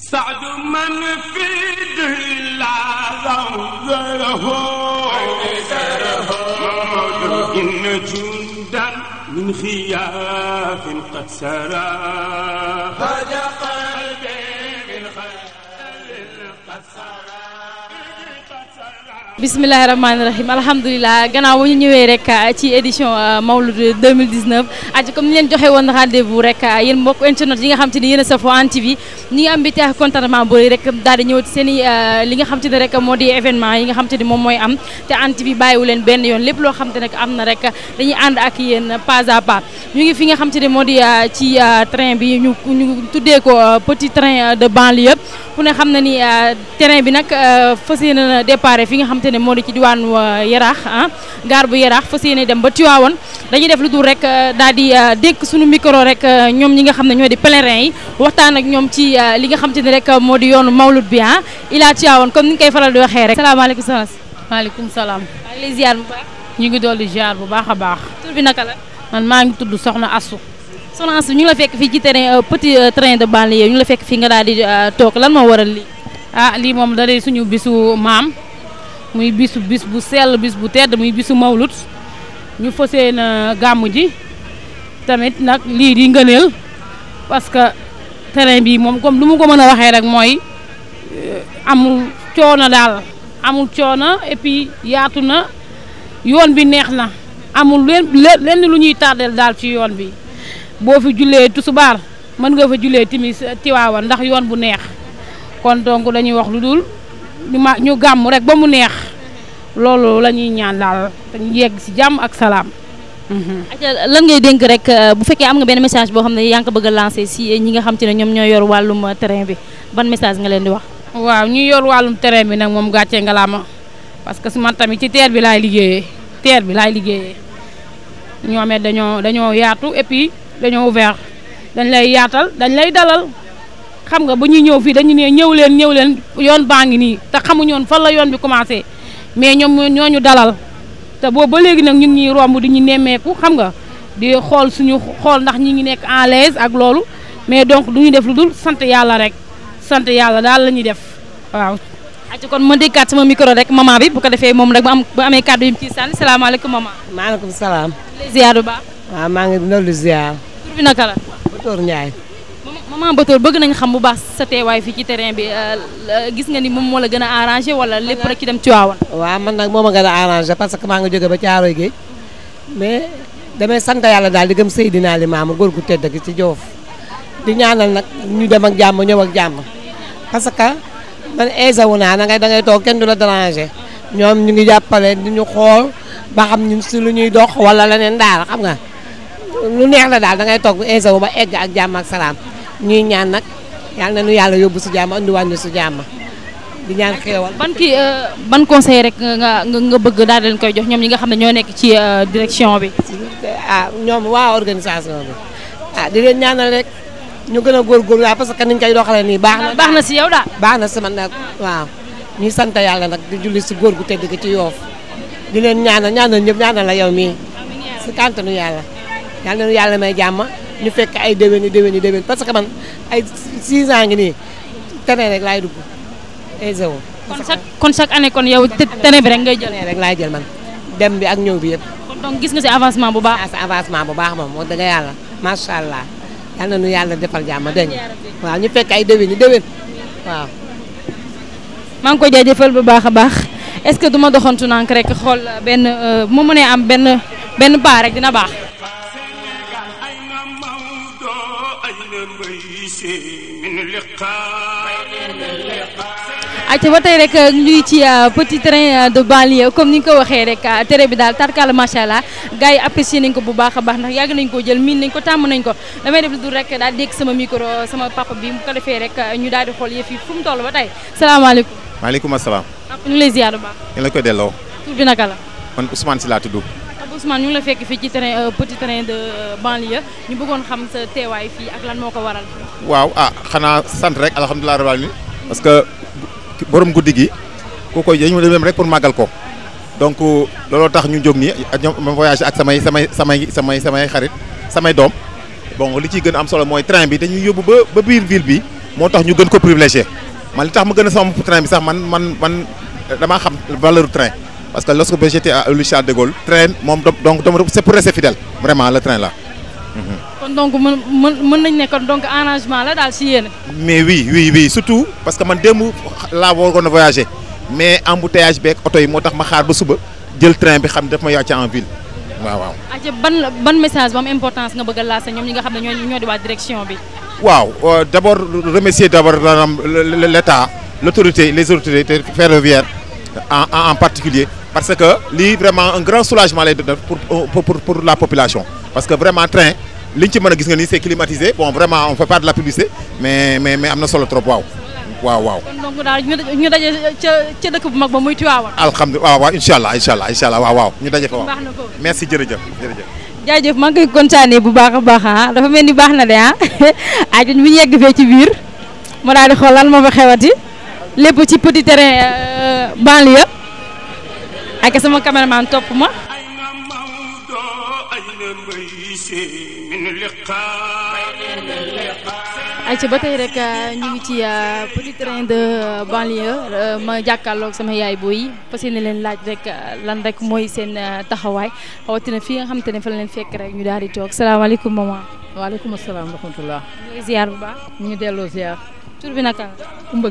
سعد من في دلا زمزره إن جندا من خياف قد سرى bisimilahi rahmaani rahim alhamdulilah gannaaw ba ñu ñëwee rek ah, ci édition ah, Mawlud 2019 aji comme ni leen joxe woon rendez-vous rek ah, yéen mbokk internet yi nga xam te ni yéen a safoo Hann TV ñi nga i li xam te ni moom mooy am te Hann TV bàyyiwu leen benn yoon lépp loo xam te nag am na rek dañuy ànd ak yéen pas à pas ñu fi nga xam te ne moo di ci train bi ñu ñu tuddee ko petit train de banlieue ku ne xam na ni train bi nag fas na départ xamante ne moo di ci diwaan euh, yaraax ah gaar bu yaraax fas yéene dem ba Tiwaawoon dañuy def lu dul rek euh, daal di euh, dénk suñu micro rek ñoom ñi nga xam ne ñoo di pèlerins yi waxtaan ak ñoom ci li nga xamante ne rek moo di yoonu mawlud bi ah ilaa Tiwaawoon comme ni ñu koy faral di waxee rek salaamaaleykum soxna si maaleykum salaam maa ngi lay ziar bu baax ñu ngi dolli ziar bu baax a baax tur bi naka la man maa ngi tudd soxna Asou soxna Asou ñu ngi la fekk fii ci terrain petit train de banlieue ñu la fekk fii nga daal di toog lan moo waral lii ah, muy bisu bis bu sell bis bu tedd muy bisu mawlut ñu fësee na gàmm ji tamit nag lii di ngëneel parce que terrain bi moom comme lu mu ko mën a waxee rek mooy euh, amul coono daal amul coono et puis yaatu na yoon bi neex na amul lenn lu ñuy tardel daal ci yoon bi boo fi jullee tusubaar mën nga fa jullee timis euh, tiwaawan ndax yoon bu neex kon donc dañuy wax lu dul lima ñu gam rek ba mu neex lolu lañuy ñaan dal yegg si jam ak salam mhm. aca lan ngay denk rek euh, bu fekke am nga ben message bo xamne yank yaa ngi ko bëgg a lancé ñi nga xam ci ne ñom ñoy yor walum terrain bi ban message nga leen di wax. waaw ñi yor walum terrain bi nak mom gatché nga laa ma parce que suma tammi ci terre bi lay liggéey terre bi lay liggéey dañoo dañoo yaatu et puis dañoo ouvert dañ lay yaatal dañ lay dalal xam nga bu ñu ñëw fi dañu ne ñëw leen ñëw leen yoon baangi ni ta xamu ñoon fa la yoon bi commencé mais ñom ñoñu dalal ta bo ba légui nak ñu ngi ñuy romb di ñu nemmeeku xam nga di xol suñu xol ndax ñi ngi nek en l'aise ak loolu mais donc duñu def lu dul rek sante yalla dal lañu def waaw. acci kon ma déggaat sama micro rek mama bi bu ko defee mom rek bu am bu amé cadeau yi ci sante salam. alaykum mama ma alaykum salam bu ba wa ma ngi ziar. bi naka la mama Batoor bëgg nañ xam bu baax sa téway fi ci terrain bi euh, gis nga ni mom mo la gëna arranger wala lepp rek ci dem ci waawon wa man nak moma ma arranger parce que ma nga joggé ba aroy gi mais damay sante yalla dal di gëm ali Limaamu gor gu tedd gi ci jof di ñaanal nak ñu dem ak jamm ñew ak jamm parce que man aisa wona na da ngay da ngay tok kenn dula déranger ñom ñu ngi jappalé di ñu xol ba xam ñun ci lu ñuy dox wala lenen dal xam nga lu neex la dal da ngay tok aisa wu ba egg ak jamm ak salam ñuy ñaan nag yal na nu yàlla yóbbu si jàmm andiwaat ñu su jàmm di ñaan xéewal. ban kii euh, ban conseil rek nga nga bëgg daal de koy jox ñoom ñi nga xam ne ñoo nekk ci euh, direction bi. ah ñoom waa organisation bi ah di leen ñaanal rek ñu gën a góor waaw parce que niñ koy doxalee nii baax na. na si yow daal. baax na si man nag waaw ñuy sant yàlla nag di julli si góor gu tedd gi ci yoof di leen ñaanal ñaanal ñëpp ñaanal la yow mii si kàntanu yàlla yal nu yàlla may jàmm. ñu fekk ay déwén i déwén i déwén parce que man ay 6 ans ngi nii terrain rek laay dugg ECHO. kon chaque kon chaque année kon yow terrain bi rek ngay jël. rek laay jël man dem bi ak ñëw bi yëpp. donc gis nga si avancement bu baax. ah si bu baax moom moo dëgg yàlla macha allah yal na nu yàlla defal jàmm dégg waaw ñu fekk ay déwén i déwén waaw. maa ngi koy jaajëfal bu baax a baax est-ce que du ma doxantu nànk rek xool euh, benn euh, bu ma mënee am benn benn baa rek dina baax. acca ba tey rek ñuy ci euh, petit train euh, de banlieue comme ni nga ko waxee rek euh, tere bi daal tarkaala macha allah gars yi apprécié nañ ko bu baax a baax ndax yàgg nañ koo jël miin nañ ko tàmm nañ ko damay def lu dul rek daal dégg sama micro sama papa bi mu ko defee rek ñu daal di xool yëf yi fu mu toll ba tey salaamaaleykum. maaleykum salaam. papa ñu la koy delloo. tur bi naka la. man Ousmane si laa tudd. Ousmane ñu ngi la fekk euh, petit train de euh, banlieue Nous avons xam un peu fii ak lan moo waral. Wow, ah xanaa parce que borom guddi gi koy dañu rek pour ko donc tax ñu ak samay samay samay samay samay xarit samay bon li gën am solo train bi dañuy yóbbu ba biir ville bi qui tax ñu gën ko privilégié man li tax train bi sax man man train. Parce que lorsque j'étais à le de Gaulle, train, donc c'est pour rester fidèle, vraiment le train là. Mmh. Donc, un arrangement là dans Mais oui, oui, oui, surtout parce que moi, deux là on voyager, mais embouteillage avec auto, je m'attends pas le train, puis je me en ville. waaw ban message bu importance nga bëgg la lancer ñoom ñi nga xam direction euh, D'abord, remercier l'État, l'autorité, les autorités ferroviaires en particulier parce que li vraiment un grand soulagement lay def pour pour pour la population parce que vraiment train li ci mën gis nga nii c'est climatisé bon vraiment on fait pas de la publicité mais mais mais amna solo trop waaw. waaw waaw ñu daje ci ca dëkk bu mag ba muy Tivaouane. alhamdulilah waaw waaw incha inshallah inshallah allah incha allah waaw waaw ñu daje fa waaw merci jërëjëf jërëjëf. jaajëf maa ngi koy kontaanee bu baax a baax ah dafa melni ni baax na de ah ah ñu yegg fé ci biir mo dal di xol lan mo fa xewati lepp ci petit terrain euh, banlieue. ak sama cameraman topp ma ayca ba tey rek euh, ñu ngi ci euh, petit train de euh, banlieue ma jàkkaarloog sama yaay booy parce que ne leen laaj rek lan rek mooy seen taxawaay rawatina fii nga xam ne fa la leen fekk rek ñu daal di toog salaamaaleykum maman. waaleykum salaam wa rahmatulah. mu ngi ziar bu baax. ñu delloo ziar. tur bi naka la. Kumba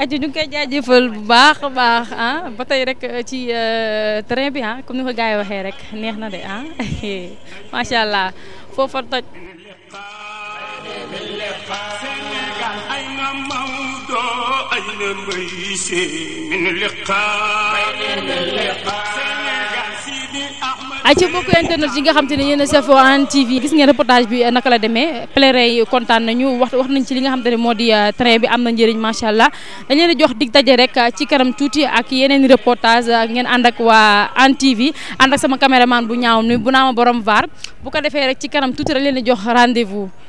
aji ñu ngi koy jaajëfal bu baax a baax ah ba tey rek euh, ci euh, train bi ah comme ni ko gars yi waxee rek neex na de ah macha allah foofa toj. ay na mbay see min liqaa ay ci mbokku internet yi nga xam te ne yéen a safoo Hann TV gis ngeen reportage bi naka la demee pèlerins yi kontaan nañu wax wax nañ ci li nga xam te ne moo di euh, train bi am na njëriñ macha allah dañ leen jox dig daje rek euh, ci kanam tuuti ak yeneen reportage euh, ngeen ànd ak waa Hann TV ànd ak sama caméraman bu ñaaw nuyu bu naa ma borom bu ko defee rek ci kanam tuuti rek leen jox rendez-vous